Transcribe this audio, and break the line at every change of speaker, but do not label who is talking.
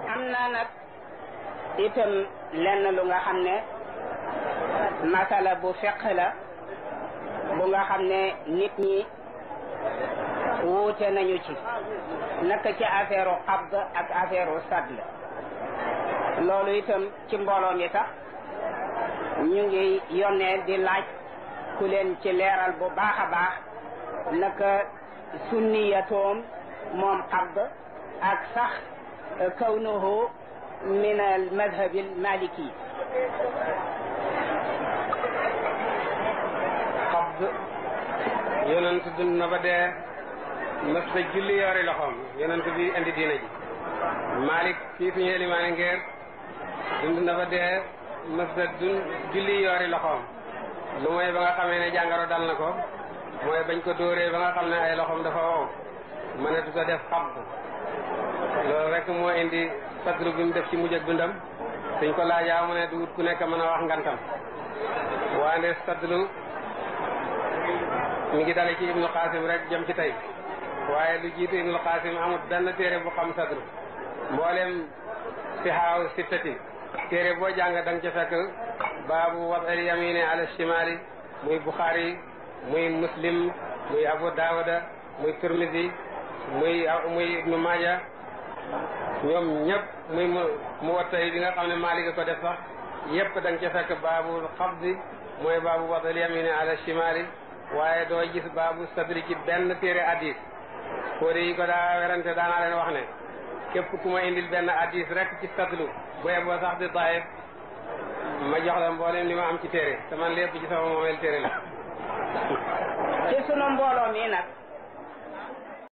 am na nag itam lenn lu nga xam ne masala bu feq la bu nga xam ne nit ñi wuute nañu ci naka ci affaire u ak affaire u sadl loolu itam ci mbooloo mi sax ñu ngi yónnee di laaj ku leen ci leeral bu baax a baax naka sunniyatoom moom xabd ak sax كونه من المذهب المالكي xabb
yonent dund na ba dee mas ta julli yoori loxoom yonent bi indi diina ji Malik kii suñu élimaani ngeer dund na ba dee mas ta dund julli yoori loxoom lu mooy ba nga xamee ne jàngaro dal na ko mooy bañ ko dóoree ba nga xam ne ay loxoom dafa wow mënatu ko def xabb loolu rek moo indi fadlu bi mu def ci mujj ak dundam suñ ko laajaa mu ne ku nekk mën a wax ngantam waande fadlu mi ngi dale ci ibnu xaasim rek jëm ci tey waaye lu jiitu ibnu xaasim amul benn téere bu xam sadru mboolem si xaaw si tati téere boo jàng da nga ca fekk baabu wad'il yamini ala shimali muy buxaari muy muslim muy abu daawuda muy turmisi muy muy ibnu maaja ñoom ñëpp muy mu mu watta yi bi nga xam ne Maalik ko def sax yëpp da nga ca fekk baabul xabdi mooy baabu wadal yamini ala shimaali waaye doo gis baabu sadri ci benn téere addis kóore yi ko daa werante daanaa leen wax ne képp ku ma indil benn addis rek ci sadlu bu yeboo sax di daayif ma jox la mboolem li ma am ci téere te man lépp ci sama moomeel téere la
ci sunu mbooloo mi